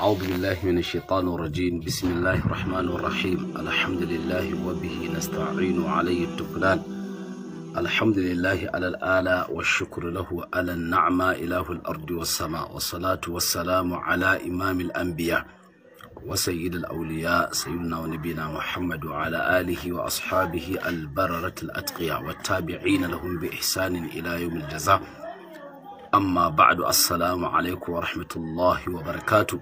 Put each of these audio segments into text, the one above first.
أعوذ بالله من الشيطان الرجيم بسم الله الرحمن الرحيم الحمد لله وبه نستعين عليه التقنان الحمد لله على الآلاء والشكر له على النعمة إله الأرض والسماء والصلاة والسلام على إمام الأنبياء وسيد الأولياء سيدنا ونبينا محمد وعلى آله وأصحابه البررة الأتقياء والتابعين لهم بإحسان إلى يوم الجزاء أما بعد السلام عليكم ورحمة الله وبركاته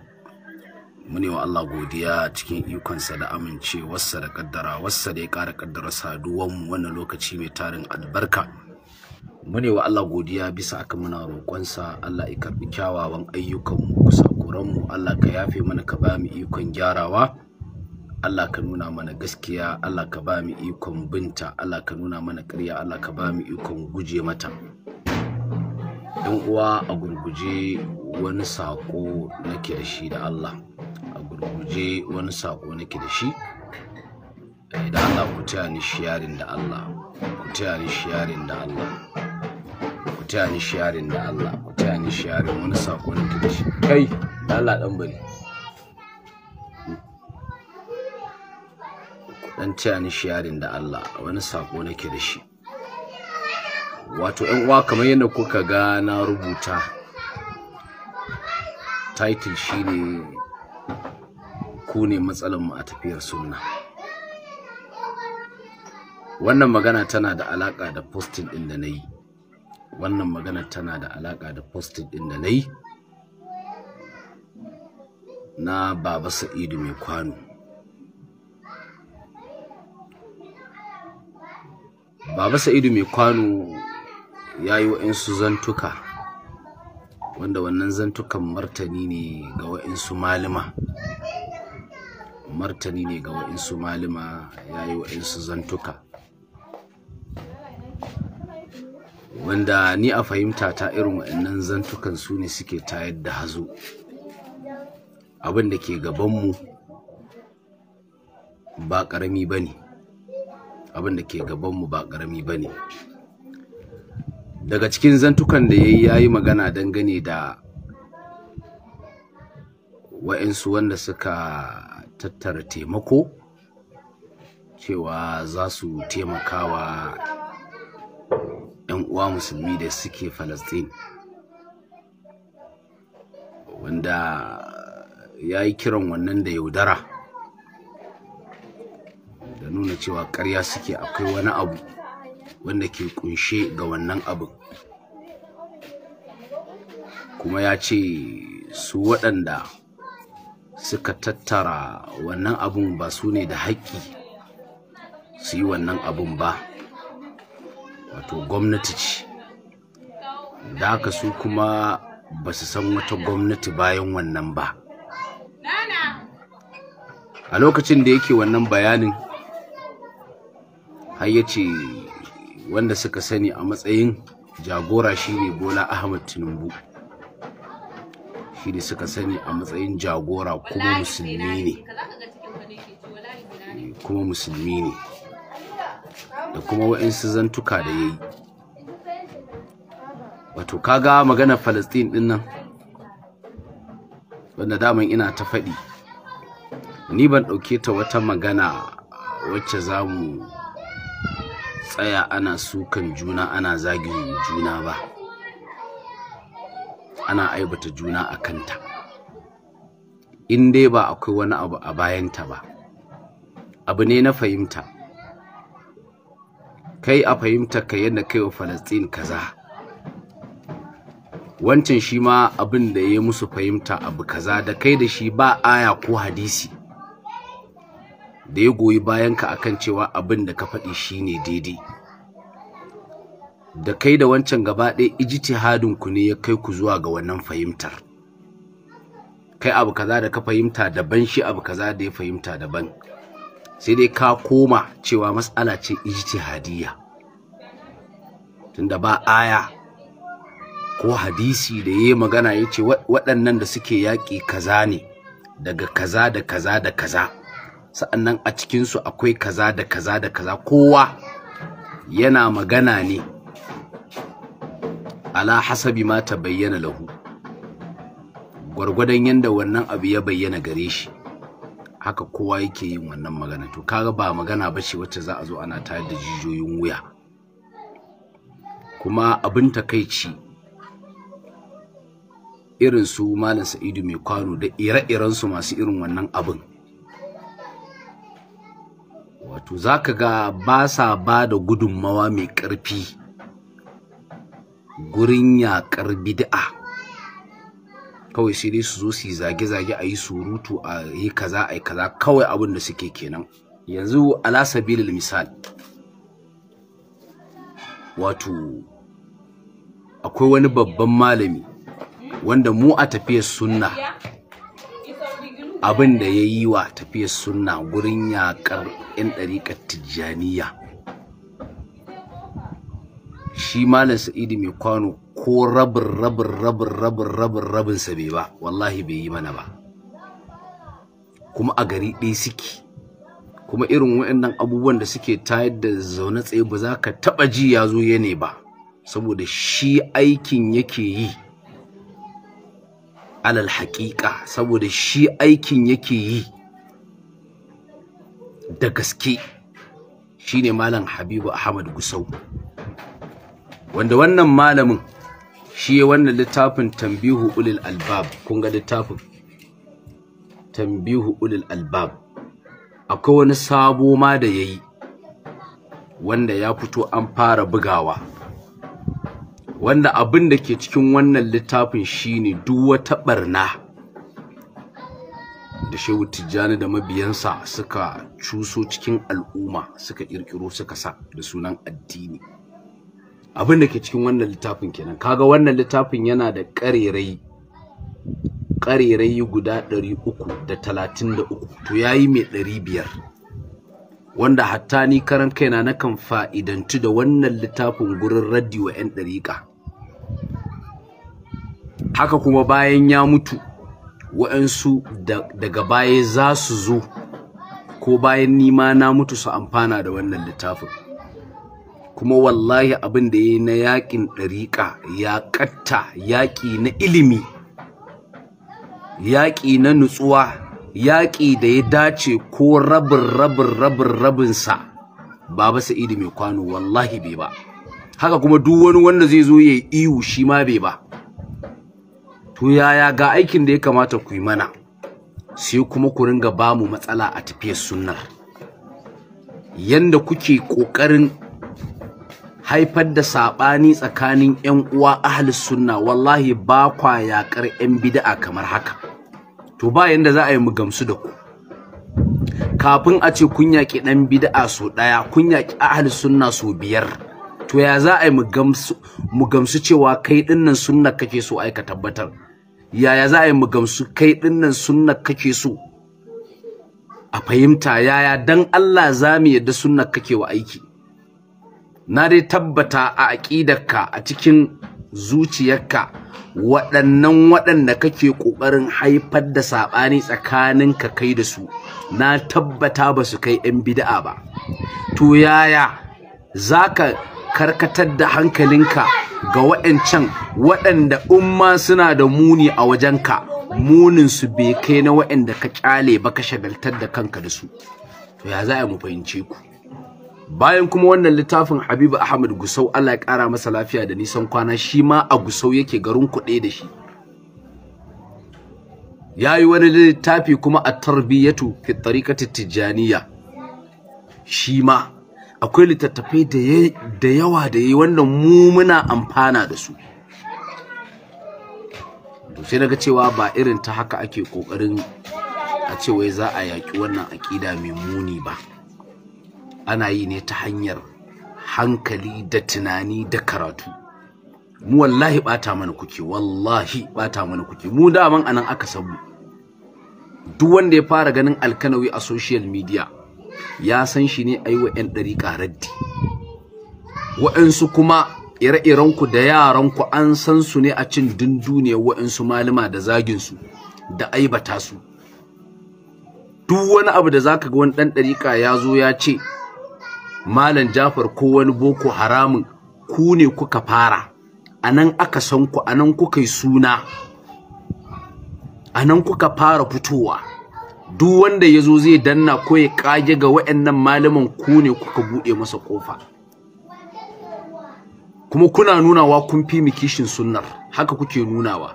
mune wa Allah godiya cikin ikonsa da amincewarsa da kaddara wasa da ya ƙara kaddara mu wannan lokaci mai tarin albarka mune wa Allah godiya bisa aka muna roƙonsa Allah ya karɓi kyawawan ayyukanmu mu Allah ka yafe mana ka ba mu ikon gyarawa Allah ka nuna mana gaskiya Allah ka ba mu ikon binta Allah ka nuna mana ƙarya Allah ka ba mu ikon guje mata uwa a gurguje wani sako nake da shi da Allah je wani sako nake da shi idan Allah ku taya ni shiyarin da Allah ku taya ni shiyarin da Allah ku taya ni shiyarin da Allah ku taya ni shiyarin wani sako nake da shi kai da Allah dan bari dan taya ni shiyarin da Allah wani sako nake da shi wato yan uwa kamar yadda kuka ga na rubuta title shine ku ne mu a tafiyar sunna wannan magana tana da alaƙa da posting ɗin da na yi wannan magana tana da alaƙa da posting ɗin da na yi na baba sa'idu mai kwano baba sa'idu mai kwano ya yi wa'insu zantuka wanda wannan zantukan martani ne ga wa'insu malama martani ne ga wa'insu malima ya yi wa'insu zantuka wanda ni a fahimta ta irin wa'annan zantukan su ne suke tayar da hazo abin ke gabanmu ba ƙarami ba ne abin ke gabanmu ba ƙarami ba ne daga cikin zantukan da ya yi ya yi magana dangane da wa'insu wanda suka tattara taimako cewa za su taimakawa 'yan uwa musulmi da suke falastin wanda ya yi kiran wannan da yaudara da nuna cewa karya suke akwai wani abu wanda ke kunshe ga wannan abin kuma ya ce su waɗanda suka tattara wannan abun ba su ne da haƙƙi su yi wannan abun ba wato gwamnati ce da haka su kuma ba su san wata gwamnati bayan wannan ba a lokacin da yake wannan bayanin har ya ce wanda suka sani a matsayin jagora shine bola ahmad tinubu tauhidi suka sani a matsayin jagora kuma musulmi ne eh, kuma musulmi ne da kuma waɗansu zantuka da yayi yi wato kaga maganar palestine din nan wanda daman ina ta faɗi ni ban ɗauke ta wata magana wacce za mu tsaya ana sukan juna ana zagin juna ba ana aibata juna a kanta in dai ba akwai wani abu a bayanta ba abu ne na fahimta kai a fahimta ka yadda kai wa falastin kaza wancan shi ma abin da ya musu fahimta abu kaza da kai da shi ba aya ko hadisi da ya goyi bayanka akan cewa abin da ka faɗi shi ne daidai da kai da wancan gaba ɗaya ijtihadin ku ne ya kai ku zuwa ga wannan fahimtar kai abu kaza da ka fahimta daban shi abu kaza da ya fahimta daban sai dai ka koma cewa matsala ce ijtihadiyya tunda ba aya ko hadisi da yayi magana ya ce waɗannan da suke yaƙi kaza ne daga kaza da kaza da kaza sa'annan a cikinsu akwai kaza da kaza da kaza kowa yana magana ne ala hasabi ma ta bayyana lahu gwargwadon yadda wannan abu ya bayyana gare shi haka kowa yake yin wannan magana to kaga ba magana ba ce wacce za a zo ana tayar da jijiyoyin wuya kuma abin takaici irin su malam sa'idu mai kwano da ire-iren su masu irin wannan abin wato za ka ga ba sa ba da gudunmawa mai ƙarfi gurin yaƙar bid'a kawai sai dai su zo su yi zage-zage a yi surutu a yi kaza a yi kaza kawai abin da suke kenan yanzu ala sabilil misal wato akwai wani babban malami wanda mu a tafiyar sunna abin da ya yi wa tafiyar sunna gurin yaƙar 'yan ɗariƙar tijjaniya shi malam sa'idi mai kwano ko rabin rabin rabin rabin rabin rabin sa bai ba wallahi bai yi mana ba kuma a gari ɗaya suke kuma irin waɗannan abubuwan da suke tayar da zaune tsaye ba za ka taɓa ji ya zo ya ne ba saboda shi aikin yake yi alal haƙiƙa saboda shi aikin yake yi da gaske shine malam habibu ahmad gusau wanda wannan malamin shi wannan littafin tambihu ulil albab kun ga littafin tambihu ulil albab akwai wani sabo ma da yayi wanda ya fito an fara bugawa wanda abin da ke cikin wannan littafin shine duk wata barna da shehu tijjani da mabiyansa suka cuso cikin al'umma suka kirkiro suka sa da sunan addini abin da ke cikin wannan littafin kenan kaga wannan littafin yana da ƙarerai ƙarerai guda uku to yayi mai ɗari biyar, wanda hatta ni karan kaina kan fa'idantu da wannan littafin gurin radiyo wa 'yan ɗariƙa haka kuma bayan ya mutu wa'ansu daga baya za su zo ko bayan nima na mutu su amfana da wannan littafin kuma wallahi abin da ya yi na yakin ɗariƙa ya ƙatta yaƙi na ilimi yaƙi na nutsuwa yaƙi da ya dace ko rabin rabin rabin rabinsa baba sa'idu mai kwano wallahi bai ba haka kuma duk wani wanda zai zo ya yi iwu shi ma bai ba to yaya ga aikin da ya kamata ku yi mana sai kuma ku ringa ba mu matsala a tafiyar sunnar yanda kuke ƙoƙarin haifar da saɓani tsakanin 'yan uwa ahlus sunna wallahi ba kwa yaƙar 'yan bida'a kamar haka to ba yanda za a yi mu gamsu da ku kafin a ce kun yaƙi ɗan bida'a so ɗaya kun yaƙi ahlus sunna so biyar to ya za a yi mu gamsu cewa kai ɗinnan sunna kake so aika tabbatar yaya za a yi mu gamsu kai ɗinnan sunna kake so a fahimta yaya dan Allah za mu yadda sunna kake wa aiki na dai tabbata a aƙidarka a cikin zuciyarka waɗannan waɗanda kake ƙoƙarin haifar da saɓani tsakaninka kai da su na tabbata ba su kai 'yan bida'a ba to yaya za ka karkatar da hankalinka ga waɗancan waɗanda umma suna da muni a wajenka su bai kai na waɗanda ka ƙyale ba ka shagaltar da kanka da su to ya za a mu fahimce ku bayan kuma wannan littafin Habibu Ahmad Gusau Allah ya kara masa lafiya da nisan kwana shi ma a Gusau yake garin kuɗe da shi yayi wani littafi kuma a tarbiyyatu fi tariqati tijaniya shi ma akwai littattafai da yawa da yayi wannan mu muna amfana da su to sai naga cewa ba irin ta haka ake kokarin a ce wai za a yaki wannan aƙida mai muni ba ana yi ne ta hanyar hankali da tunani da karatu mu wallahi bata mana kuke wallahi bata mana kuke mu daman anan aka sabu duk wanda ya fara ganin alkanawi a social media ya san shi ne a yi wa 'yan ɗariƙa raddi wa'insu kuma ire-irenku da yaranku an san su ne a cin dunduniyar wa'insu malama da zaginsu da aibata su duk wani abu da zaka ga wani ɗan dariƙa ya zo ya ce malam jafar ko wani boko haramun ku ne kuka fara a nan aka san ku a nan kuka yi suna a nan kuka fara fitowa duk wanda ya zo zai danna ko ya kage ga wa'annan malaman ku ne kuka buɗe masa ƙofa kuma kuna nunawa kun fi mu kishin sunnar haka kuke nunawa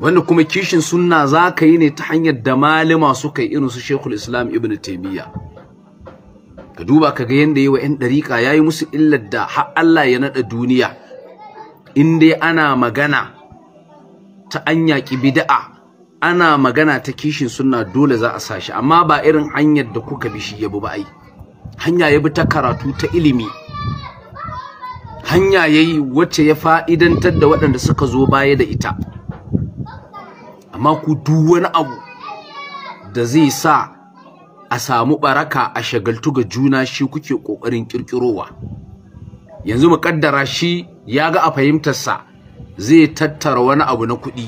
wanda kuma kishin sunna za ka yi ne ta hanyar da malama suka yi irin su shekul islam ibn taimiyya ka duba ka ga yanda yi wa ɗariƙa ya yi musu illar da har Allah ya naɗa duniya in dai ana magana ta an yaƙi bida'a, ana magana ta kishin suna dole za a sa shi amma ba irin hanyar da kuka bi shi ya bi ba ai hanya ya bi ta karatu ta ilimi hanya ya yi wacce ya fa'idantar da waɗanda suka zo baya da ita amma ku duk wani abu da zai sa a samu baraka a shagaltu ga juna shi kuke kokarin kirkirowa yanzu mu kaddara shi ya ga a fahimtarsa zai tattara wani abu na kuɗi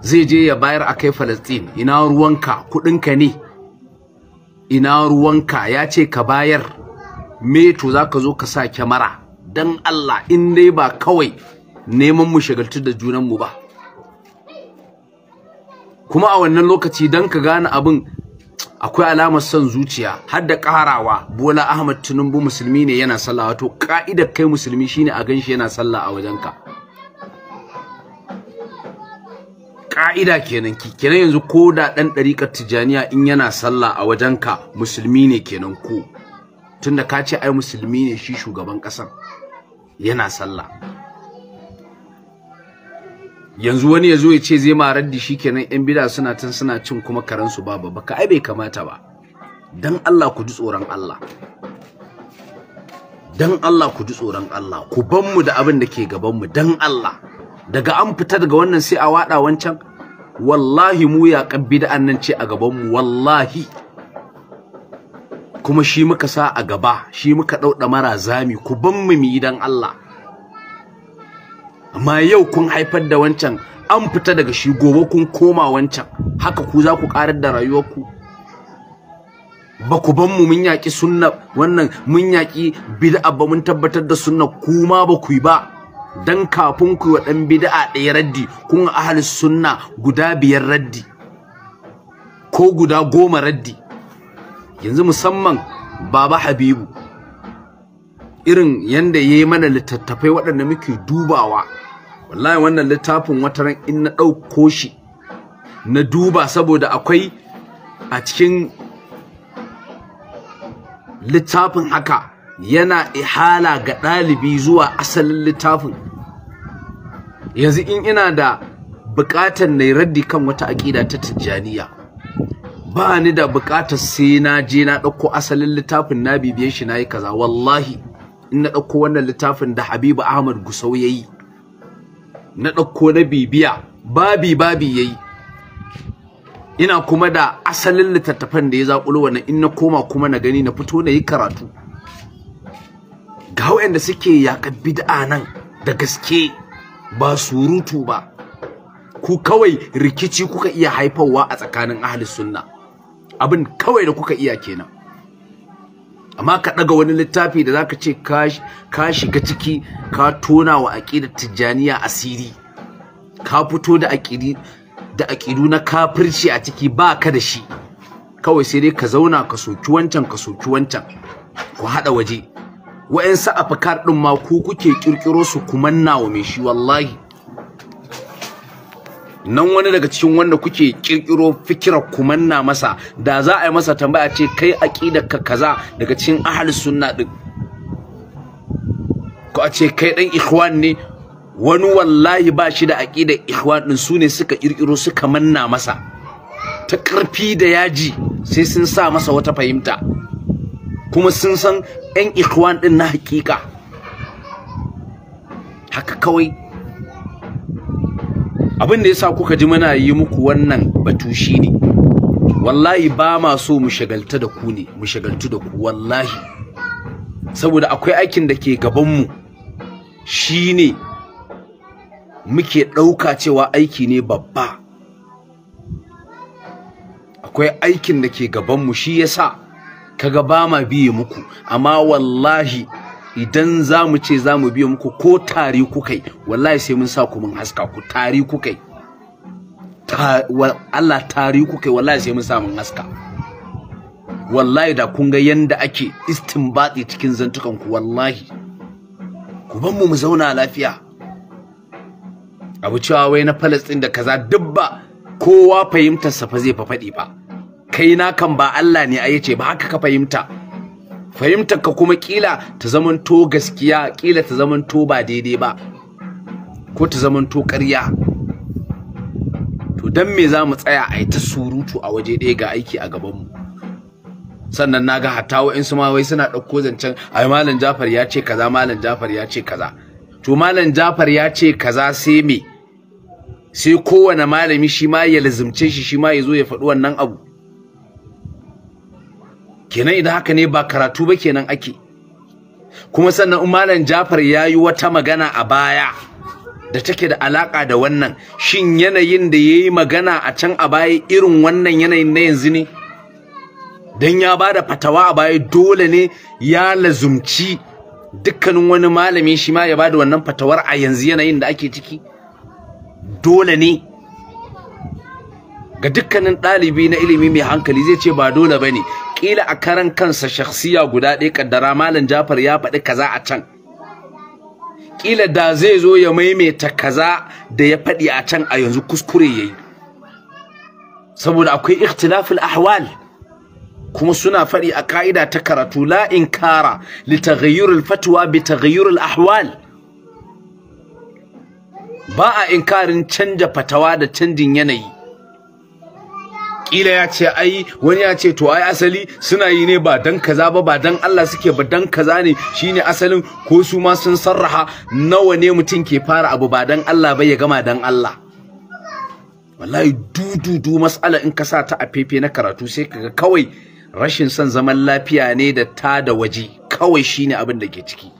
zai je ya bayar a kai falastin ina ruwanka kuɗinka ne ina ruwanka ya ce ka bayar me to za zo ka sa kyamara dan allah in dai ba kawai neman mu shagaltu da junan mu ba kuma a wannan lokaci dan ka gane abin akwai alamar son zuciya har da karawa Bola Ahmad Tinubu musulmi ne yana sallah wato ka'idar kai musulmi shine a ganshi yana sallah a wajenka ka'ida kenan ki kenan yanzu ko da ɗan ɗariƙar Tijjaniya in yana sallah a wajenka musulmi ne kenan ko tunda ka ce ai musulmi ne shi shugaban ƙasar yana sallah yanzu wani ya zo ya ce zai ma raddi shi kenan yan bida suna tun suna cin kuma karansu ba baka ka ai bai kamata ba dan Allah ku ji tsoron Allah dan Allah ku ji tsoron Allah ku ban mu da abin da ke gaban mu dan Allah daga an fita daga wannan sai a wada wancan wallahi mu ya kabbi da annan ce a gaban mu wallahi kuma shi muka sa a gaba shi muka dauɗa mara zami ku ban mu mi dan Allah ma yau kun haifar da wancan an fita daga shi gobe kun koma wancan haka ku za ku karar da rayuwarku ba ku ban mu mun yaƙi sunna wannan mun yaƙi bid'a ba mun tabbatar da sunna kuma ba ku yi ba dan kafin ku wa dan bid'a ɗaya raddi kun ahli sunna guda biyar raddi ko guda goma raddi yanzu musamman baba habibu irin yanda yi mana littattafai waɗanda muke dubawa wallahi wannan littafin wataran in na ɗauko shi na duba saboda akwai a cikin littafin haka yana ihala ga ɗalibi zuwa asalin littafin yanzu in ina da buƙatar na raddi kan wata aƙida ta tijjaniya ba ni da buƙatar sai na je na ɗauko asalin littafin na bibiye shi na yi kaza wallahi in na ɗauko wannan littafin da habibu ahmad gusau yayi na ɗauko na bibiya babi babi yayi ina kuma da asalin littattafan da ya zaƙulo wannan in na koma kuma na gani na fito na yi karatu ga waɗanda suke yaƙar bid'a nan da gaske ba surutu ba ku kawai rikici kuka iya haifarwa a tsakanin ahli sunna abin kawai da kuka iya kenan amma ka daga wani littafi da zaka ce ka shiga ciki ka tona wa aqidar tijjaniya asiri ka fito da aqidi da aqidu na kafirci a ciki ba ka da shi kawai sai dai ka zauna ka soki wancan ka soki wancan ku hada waje wa'ansu afkar din ma ku kuke kirkiro su kuma wa mai shi wallahi nan wani daga cikin wanda kuke kirkiro fikirar kumanna masa da za a yi masa tambaya ce kai aqidar kaza daga cikin ahlus sunna din ko a ce kai dan ikhwan ne wani wallahi ba shi da aqidar ikhwan din sune suka kirkiro suka manna masa ta karfi da yaji sai sun sa masa wata fahimta kuma sun san ɗan ikhwan ɗin na hakika haka kawai abin da yasa kuka ji muna yi muku wannan batu shine wallahi ba ma so mu shagalta da ku ne mu shagaltu da ku wallahi saboda akwai aikin da ke gaban mu shine muke ɗauka cewa aiki ne babba akwai aikin da ke gaban mu shi yasa kaga ba ma biye muku amma wallahi idan za mu ce za mu biya muku ko tari kai, wallahi sai mun sa ku mun haska ku tari kai. Allah tari kai wallahi sai mun sa mun haska wallahi da kun ga yanda ake istinbati cikin zantukan ku wallahi ku ban mu mu zauna lafiya abu cewa wai na Palestine da kaza dubba kowa fahimtar sa fa zai fa faɗi ba kai na kan ba Allah ne a yace ba haka ka fahimta fahimtar ka kuma kila ta zamanto gaskiya kila ta zamanto ba daidai ba ko ta zamanto ƙarya to dan me za mu tsaya a yi ta surutu a waje ɗaya ga aiki a gabanmu sannan na ga hatta wa'insu ma wai suna ɗauko zancen ai malam jafar ya ce kaza malam jafar ya ce kaza to malam jafar ya ce kaza sai me sai kowane malami shi ma ya lazumce shi shi ma ya zo ya faɗi wannan abu kenan idan haka ne ba karatu ba kenan ake kuma sannan malam Jafar ya yi wata magana a baya da take da alaka da wannan shin yanayin da yayi magana a can a baya irin wannan yanayin na yanzu ne dan ya bada fatawa a baya dole ne ya lazumci dukkanin wani malami shi ma ya bada wannan fatawar a yanzu yanayin da ake ciki dole ne ga dukkanin ɗalibi na ilimi mai hankali zai ce ba dole ba ne ƙila a karan kansa shakhsiya guda ɗaya ƙaddara malam jafar ya faɗi kaza a can ƙila da zai zo ya maimaita kaza da ya faɗi a can a yanzu kuskure ya yi saboda akwai ikhtilaful ahwal kuma suna faɗi a ka'ida ta karatu la inkara li fatwa bi taghayyuril ahwal ba a inkarin canja fatawa da canjin yanayi kila ya ce ai wani ya ce to ai asali suna yi ne ba dan kaza ba ba dan Allah suke ba dan kaza ne shine asalin ko su ma sun sarraha nawa ne mutum ke fara abu ba dan Allah ba ya gama dan Allah wallahi du mas'ala in ka sa ta a fefe na karatu sai kaga kawai rashin son zaman lafiya ne da ta da waje kawai shine abin da ke ciki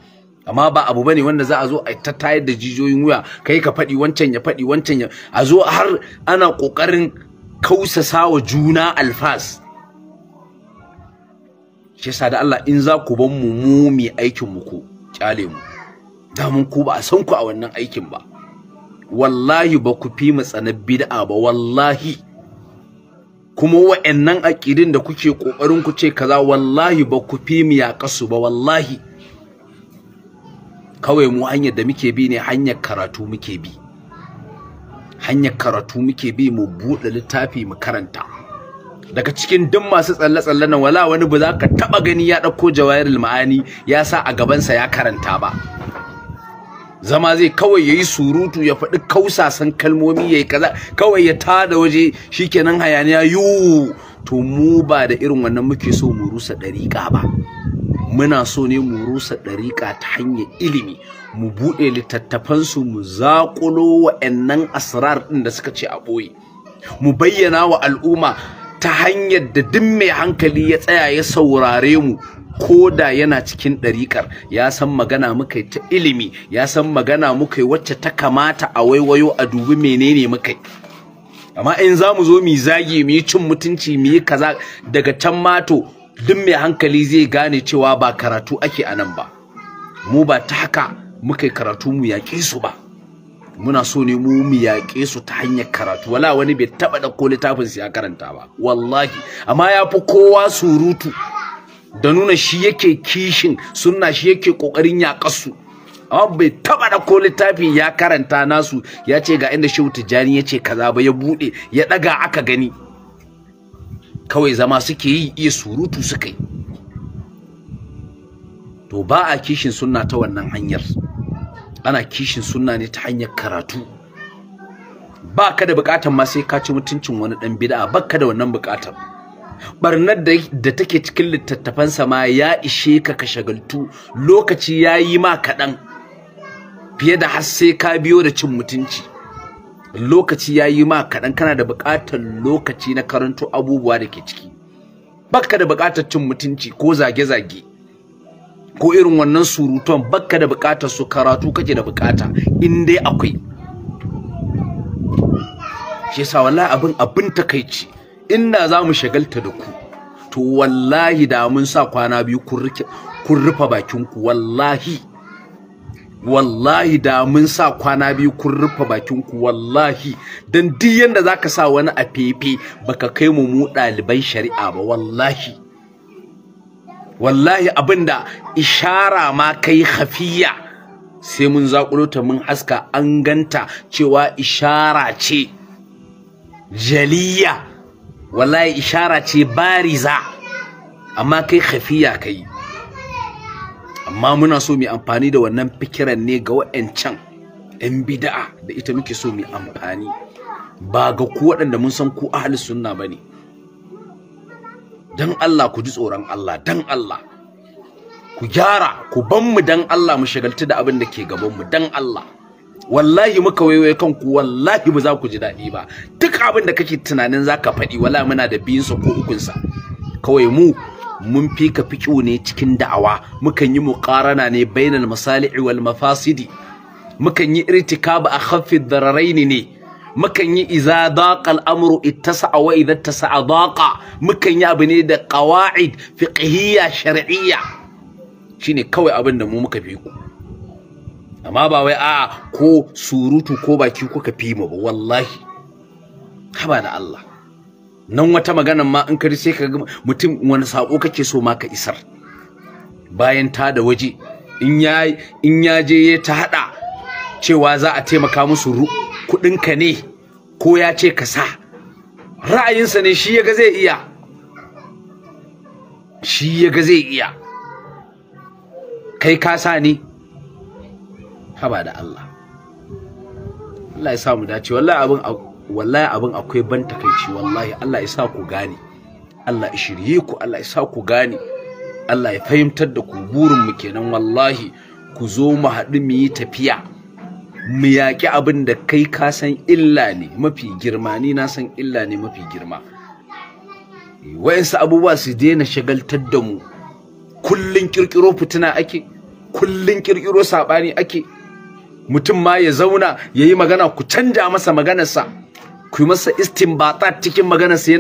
amma ba abu bane wanda za a zo a ta tayar da jijiyoyin wuya kai ka faɗi wancan ya faɗi wancan ya a zo har ana ƙoƙarin kausasa wa juna alfas shi yasa da Allah in za ku ban mu mu mai aikin mu ku kyale mu da mun ku ba a san ku a wannan aikin ba wallahi ba ku fi mu tsana bid'a ba wallahi kuma wa'annan aqidin da kuke ƙoƙarin ku ce kaza wallahi ba ku fi mu yaƙasu ba wallahi kawai mu hanyar da muke bi ne hanyar karatu muke bi hanyar karatu muke bi mu buɗe littafi mu karanta daga cikin duk masu tsalle-tsalle na wala wani ba za ka taɓa gani ya ɗauko jawahirul ma'ani ya sa a gabansa ya karanta ba zama zai kawai yayi surutu ya faɗi kausasan kalmomi ya kaza kawai ya tada waje shikenan hayaniya yiwu to mu ba da irin wannan muke so mu rusa ɗariƙa ba muna so ne mu rusa ɗariƙa ta hanyar ilimi mu buɗe littattafansu mu zaƙulo wa'annan asrar ɗin da suka ce a ɓoye mu bayyana wa al'umma ta hanyar da duk mai hankali ya tsaya ya saurare mu ko da yana cikin ɗariƙar ya san magana muka yi ta ilimi ya san magana muka yi wacce ta kamata a waiwayo a dubi menene muka yi amma in za mu zo mu zagi mu yi cin mutunci mu yi kaza daga can mato duk mai hankali zai gane cewa ba karatu ake a nan ba mu ba ta haka muka yi karatu mu yaƙe su ba muna so ne mu mu yaƙe su ta hanyar karatu wala wani bai taɓa ɗauko littafin ya karanta ba wallahi amma ya fi kowa surutu da nuna shi yake kishin sunna shi yake ƙoƙarin yaƙarsu amma bai taɓa ɗauko littafi ya karanta nasu ya ce ga inda shehu tijjani ya ce kaza ba ya buɗe ya ɗaga aka gani kawai zama suke yi iya surutu suka yi to ba a kishin sunna ta wannan hanyar ana kishin sunna ne ta hanyar karatu ba ka da bukatar ma sai ka ci mutuncin wani dan bid'a ba ka da wannan bukatar barnar da take cikin sa ma ya ishe ka ka shagaltu lokaci ya yi ma kaɗan fiye da har sai ka biyo da cin mutunci lokaci ya yi ma kaɗan kana da buƙatar lokaci na karanto abubuwa da ke ciki bakka da buƙatar cin mutunci ko zage-zage ko irin wannan surutan, bakka da buƙatar su karatu kake da buƙata in dai akwai shi yasa wallahi abin abin takaici inda za mu shagalta da ku to wallahi da mun sa kwana biyu kun rufe bakinku wallahi wallahi da mun sa kwana biyu kun rufe bakin ku wallahi dan duk za ka sa wani a fefe baka kai mu mu ɗaliban shari'a ba wallahi wallahi abinda ishara ma kai hafiya sai mun zakulo mun haska an ganta cewa ishara ce jaliya wallahi ishara ce bariza amma kai hafiya kai amma muna so mu amfani da wannan fikiran ne ga wa'ancan 'yan bida'a da ita muke so mu amfani ba ga ku waɗanda mun san ku ahli sunna ba ne Allah ku ji tsoron Allah dan Allah ku gyara ku ban mu don Allah mu shagaltu da abin da ke gaban mu don Allah wallahi muka waiwaye kanku wallahi ba za ku ji daɗi ba duk abin da kake tunanin zaka ka faɗi wala muna da biyunsa ko ukunsa kawai mu mun fi ka fiƙo ne cikin da'awa mukan yi muƙarana ne bainal masali'i wal mafasidi mukan yi irtikab a khaffi dararaini ne mukan yi iza daqa al'amru ittasa'a wa idza tasa'a daqa mukan yi abu ne da qawaid fiqhiyya shar'iyya shine kawai abin da mu muka fi ku amma ba wai a'a ko surutu ko baki kuka fi mu ba wallahi haba da Allah nan wata maganan ma in kari sai ka ga mutum wani sako kake so ma ka isar bayan ta da waje in ya in ya je ya ta hada cewa za a taimaka musu kudin ka ne ko ya ce ka sa ra'ayinsa ne shi ya zai iya shi yaga zai iya kai ka sa ne haba da Allah Allah ya samu dace wallahi abin wallahi abin akwai ban takaici wallahi Allah ya sa ku gane Allah ya shirye ku Allah ya sa ku gane Allah ya fahimtar da ku burin mu kenan wallahi ku zo mu haɗu mu yi tafiya mu yaƙi abin da kai ka san illa ne mafi girma ni na san illa ne mafi girma wayansu abubuwa su daina shagaltar da mu kullun kirkiro fitina ake kullun kirkiro saɓani ake mutum ma ya zauna ya yi magana ku canja masa maganarsa ku yi masa istinbata cikin maganarsa yana